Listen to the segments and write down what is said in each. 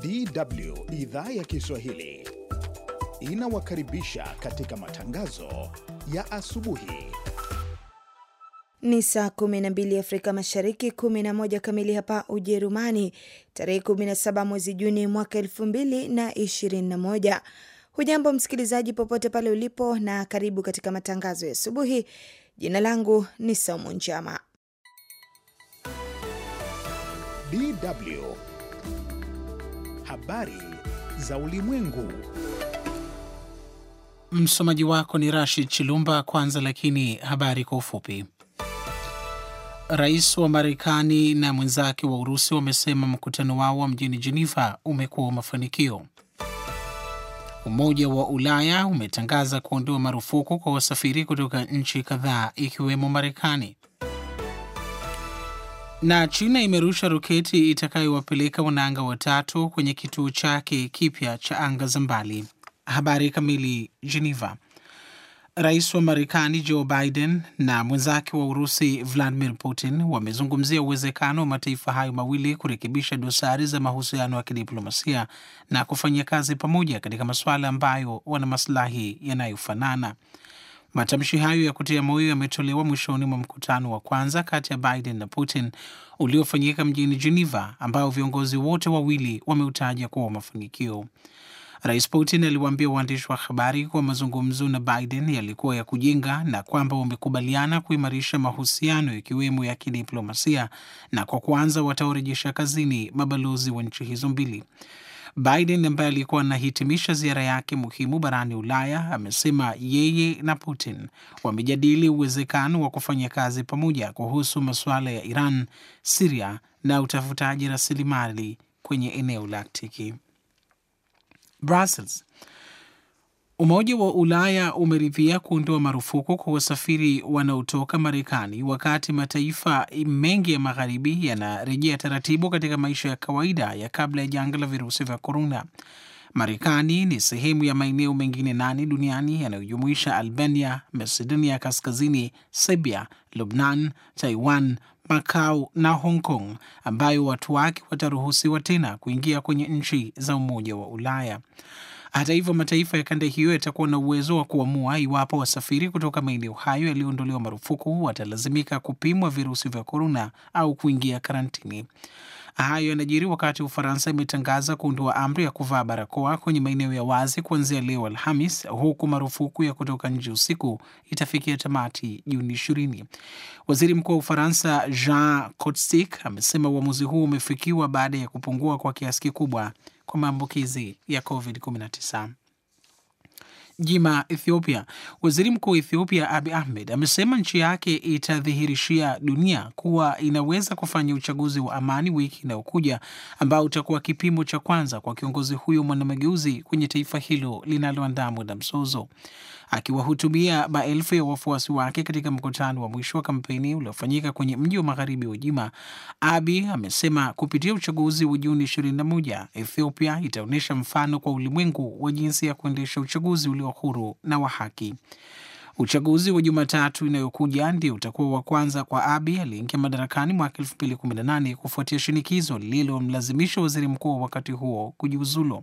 DW idhaa ya Kiswahili inawakaribisha katika matangazo ya asubuhi. Ni saa 12 Afrika Mashariki, 11 kamili hapa Ujerumani, tarehe 17 mwezi Juni mwaka 2021. Hujambo msikilizaji, popote pale ulipo, na karibu katika matangazo ya asubuhi. Jina langu ni somu Njama. DW habari za ulimwengu. Msomaji wako ni Rashid Chilumba. Kwanza lakini habari kwa ufupi. Rais wa Marekani na mwenzake wa Urusi wamesema mkutano wao wa mjini Jeneva umekuwa wa mafanikio. Umoja wa Ulaya umetangaza kuondoa marufuku kwa wasafiri kutoka nchi kadhaa ikiwemo Marekani. Na China imerusha roketi itakayowapeleka wanaanga watatu kwenye kituo chake kipya cha anga za mbali. Habari kamili, Geneva. Rais wa Marekani Joe Biden na mwenzake wa Urusi Vladimir Putin wamezungumzia uwezekano wa mataifa hayo mawili kurekebisha dosari za mahusiano ya kidiplomasia na kufanya kazi pamoja katika masuala ambayo wana masilahi yanayofanana. Matamshi hayo ya kutia moyo yametolewa mwishoni mwa mkutano wa kwanza kati ya Biden na Putin uliofanyika mjini Geneva, ambao viongozi wote wawili wameutaja kuwa mafanikio. Rais Putin aliwaambia waandishi wa habari kuwa mazungumzo na Biden yalikuwa ya kujenga na kwamba wamekubaliana kuimarisha mahusiano ikiwemo ya kidiplomasia, na kwa kwanza wataorejesha kazini mabalozi wa nchi hizo mbili. Biden ambaye alikuwa anahitimisha ziara yake muhimu barani Ulaya amesema yeye na Putin wamejadili uwezekano wa kufanya kazi pamoja kuhusu masuala ya Iran, Siria na utafutaji rasilimali kwenye eneo la Aktiki. Brussels Umoja wa Ulaya umeridhia kuondoa marufuku kwa wasafiri wanaotoka Marekani wakati mataifa mengi ya magharibi yanarejea taratibu katika maisha ya kawaida ya kabla ya janga la virusi vya korona. Marekani ni sehemu ya maeneo mengine nane duniani yanayojumuisha Albania, Macedonia Kaskazini, Serbia, Lubnan, Taiwan, Macau na Hong Kong ambayo watu wake wataruhusiwa tena kuingia kwenye nchi za Umoja wa Ulaya. Hata hivyo, mataifa ya kanda hiyo yatakuwa na uwezo wa kuamua iwapo wasafiri kutoka maeneo hayo yaliyoondolewa marufuku watalazimika kupimwa virusi vya korona au kuingia karantini. Hayo yanajiri wakati Ufaransa imetangaza kuondoa amri ya kuvaa barakoa kwenye maeneo ya wazi kuanzia leo Alhamis, huku marufuku ya kutoka nje usiku itafikia tamati Juni ishirini. Waziri Mkuu wa Ufaransa Jean Castex amesema uamuzi huu umefikiwa baada ya kupungua kwa kiasi kikubwa kwa maambukizi ya COVID-19. Jima Ethiopia. Waziri Mkuu wa Ethiopia Abi Ahmed amesema nchi yake itadhihirishia dunia kuwa inaweza kufanya uchaguzi wa amani wiki inayokuja ambao utakuwa kipimo cha kwanza kwa kiongozi huyo mwanamageuzi kwenye taifa hilo linaloandaa muda msozo akiwahutubia maelfu ya wafuasi wake katika mkutano wa mwisho wa kampeni uliofanyika kwenye mji wa magharibi wa Jima, Abi amesema kupitia uchaguzi wa Juni 21 Ethiopia itaonyesha mfano kwa ulimwengu wa jinsi ya kuendesha uchaguzi ulio huru na wa haki. Uchaguzi wa Jumatatu inayokuja ndio utakuwa wa kwanza kwa Abi aliyeingia madarakani mwaka nane kufuatia shinikizo lililomlazimisha waziri mkuu wa wakati huo kujiuzulu.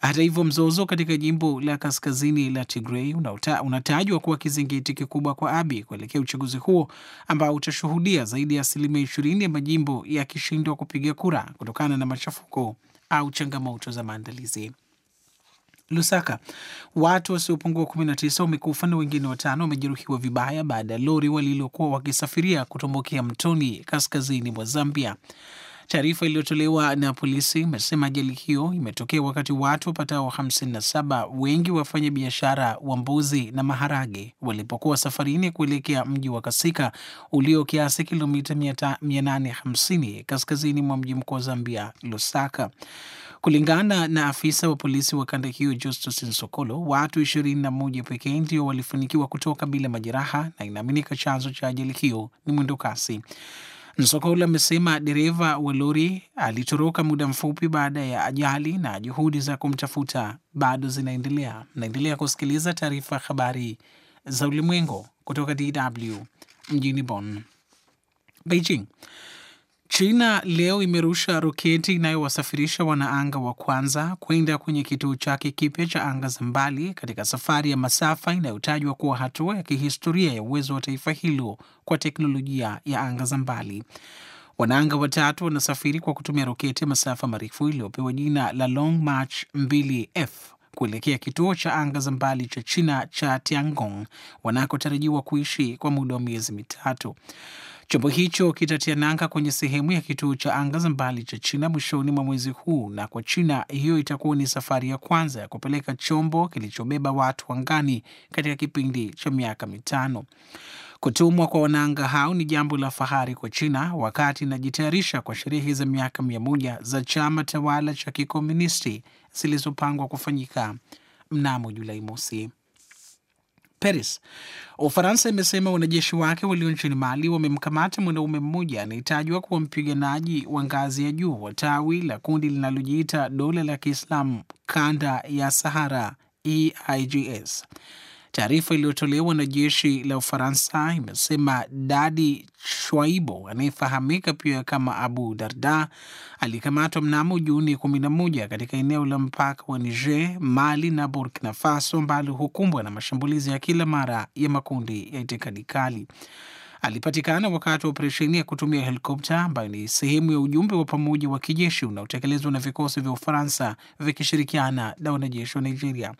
Hata hivyo, mzozo katika jimbo la kaskazini la Tigray unatajwa kuwa kizingiti kikubwa kwa Abiy kuelekea uchaguzi huo ambao utashuhudia zaidi ya asilimia ishirini ya majimbo yakishindwa kupiga kura kutokana na machafuko au changamoto za maandalizi. Lusaka, watu wasiopungua tisa wamekufa na wengine watano wamejeruhiwa vibaya baada ya lori walilokuwa wakisafiria kutumbukia mtoni kaskazini mwa Zambia. Taarifa iliyotolewa na polisi imesema ajali hiyo imetokea wakati watu wapatao 57 wengi wafanya biashara wa mbuzi na maharage walipokuwa safarini kuelekea mji wa Kasika ulio kiasi kilomita 850 kaskazini mwa mji mkuu wa Zambia, Lusaka. Kulingana na afisa wa polisi wa kanda hiyo Justus Nsokolo, watu 21 pekee ndio walifanikiwa kutoka bila majeraha, na inaaminika chanzo cha ajali hiyo ni mwendokasi. Msokoula amesema dereva wa lori alitoroka muda mfupi baada ya ajali na juhudi za kumtafuta bado zinaendelea. Naendelea kusikiliza taarifa ya habari za ulimwengu kutoka DW mjini Bonn. Beijing China leo imerusha roketi inayowasafirisha wanaanga wa kwanza kwenda kwenye kituo chake kipya cha anga za mbali katika safari ya masafa inayotajwa kuwa hatua ya kihistoria ya uwezo wa taifa hilo kwa teknolojia ya anga za mbali. Wanaanga watatu wanasafiri kwa kutumia roketi ya masafa marefu iliyopewa jina la Long March 2F kuelekea kituo cha anga za mbali cha China cha Tiangong wanakotarajiwa kuishi kwa muda wa miezi mitatu. Chombo hicho kitatia nanga kwenye sehemu ya kituo cha anga za mbali cha China mwishoni mwa mwezi huu, na kwa China hiyo itakuwa ni safari ya kwanza ya kupeleka chombo kilichobeba watu angani katika kipindi cha miaka mitano. Kutumwa kwa wanaanga hao ni jambo la fahari kwa China wakati inajitayarisha kwa sherehe za miaka mia moja za chama tawala cha kikomunisti zilizopangwa kufanyika mnamo Julai mosi. Paris. Ufaransa imesema wanajeshi wake walio nchini Mali wamemkamata mwanaume mmoja anayetajwa kuwa mpiganaji wa ngazi ya juu wa tawi la kundi linalojiita dola la Kiislamu kanda ya Sahara EIGS. Taarifa iliyotolewa na jeshi la Ufaransa imesema Dadi Shwaibo anayefahamika pia kama Abu Darda alikamatwa mnamo Juni 11 katika eneo la mpaka wa Niger, Mali na Burkina Faso ambalo hukumbwa na mashambulizi ya kila mara ya makundi ya itikadi kali alipatikana wakati wa operesheni ya kutumia helikopta ambayo ni sehemu ya ujumbe wa pamoja wa kijeshi unaotekelezwa na vikosi vya Ufaransa vikishirikiana na wanajeshi wa Nigeria.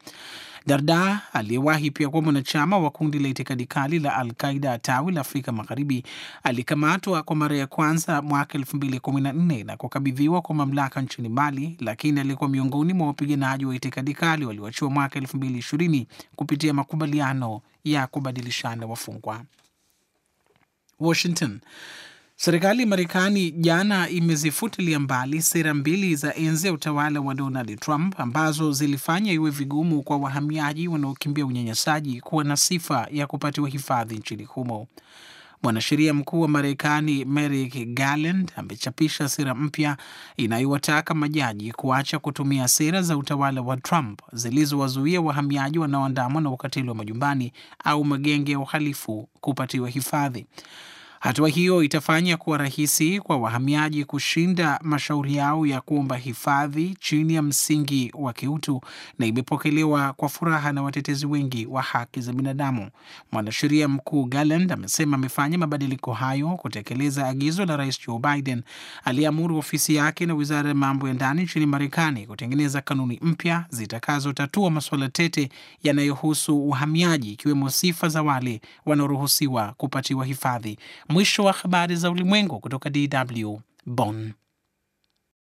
Darda aliyewahi pia kuwa mwanachama wa kundi la itikadi kali la Al Qaida tawi la Afrika Magharibi alikamatwa kwa mara ya kwanza mwaka kumi na kukabidhiwa kwa mamlaka nchini Mali, lakini alikuwa miongoni mwa wapiganaji wa itikadi kali walioachiwa mwaka ishirini kupitia makubaliano ya kubadilishana wafungwa. Washington. Serikali ya Marekani jana imezifutilia mbali sera mbili za enzi ya utawala wa Donald Trump ambazo zilifanya iwe vigumu kwa wahamiaji wanaokimbia unyanyasaji kuwa na sifa ya kupatiwa hifadhi nchini humo. Mwanasheria mkuu wa Marekani Merrick Garland amechapisha sera mpya inayowataka majaji kuacha kutumia sera za utawala wa Trump zilizowazuia wahamiaji wanaoandamwa na ukatili wa majumbani au magenge ya uhalifu kupatiwa hifadhi. Hatua hiyo itafanya kuwa rahisi kwa wahamiaji kushinda mashauri yao ya kuomba hifadhi chini ya msingi wa kiutu na imepokelewa kwa furaha na watetezi wengi wa haki za binadamu. Mwanasheria mkuu Garland amesema amefanya mabadiliko hayo kutekeleza agizo la Rais Joe Biden aliyeamuru ofisi yake na wizara ya mambo ya ndani nchini Marekani kutengeneza kanuni mpya zitakazotatua masuala tete yanayohusu uhamiaji, ikiwemo sifa za wale wanaoruhusiwa kupatiwa hifadhi. Mwisho wa habari za ulimwengu kutoka DW Bonn.